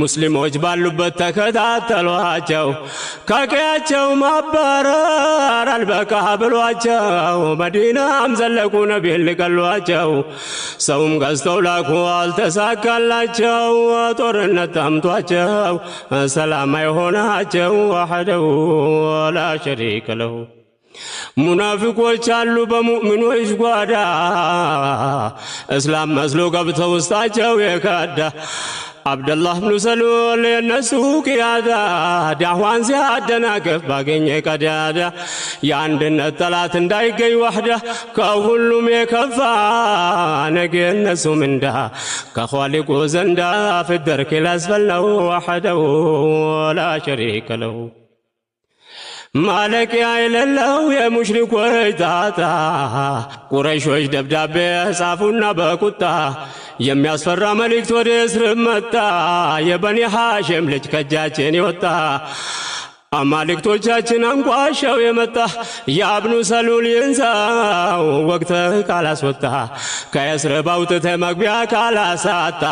ሙስሊሞች ባሉበት ተከታተሏቸው፣ ከቀያቸው ማባረር አልበቃ ብሏቸው፣ መዲናም ዘለቁ ነቢን ልቀሏቸው ሰውም ገዝተው ላኩ አልተሳካላቸው፣ ጦርነት ጠምቷቸው፣ ሰላም አይሆናቸው። ዋሕደሁ ላ ሸሪከ ለሁ ሙናፊቆች አሉ በሙእሚኖች ጓዳ፣ እስላም መስሎ ገብተው ውስጣቸው የካዳ አብደላህ ብኑ ሰሉል የነሱ ቅያዳ ዳዋን ሲያደናቅፍ ባገኘ ቀዳዳ የአንድነት ጠላት እንዳይገኝ ዋህዳ ከሁሉም የከፋ ነገ እነሱ ምንዳ ከኋሊቁ ዘንዳ ፍደርክ ላስፈል ነው ዋሕደው ላ ሸሪከ ለው ማለቂያ የሌለው የሙሽሪኮች ጣጣ ቁረይሾች ደብዳቤ ጻፉና በቁጣ የሚያስፈራ መልእክት ወደ እስር መጣ። የበኒ ሐሽም ልጅ ከእጃችን ይወጣ። አማልክቶቻችን አንቋሻው የመጣ የአብኑ ሰሉል ይንሳው ወቅተ ካላስወጣ ከእስር ባውጥተ መግቢያ ካላሳጣ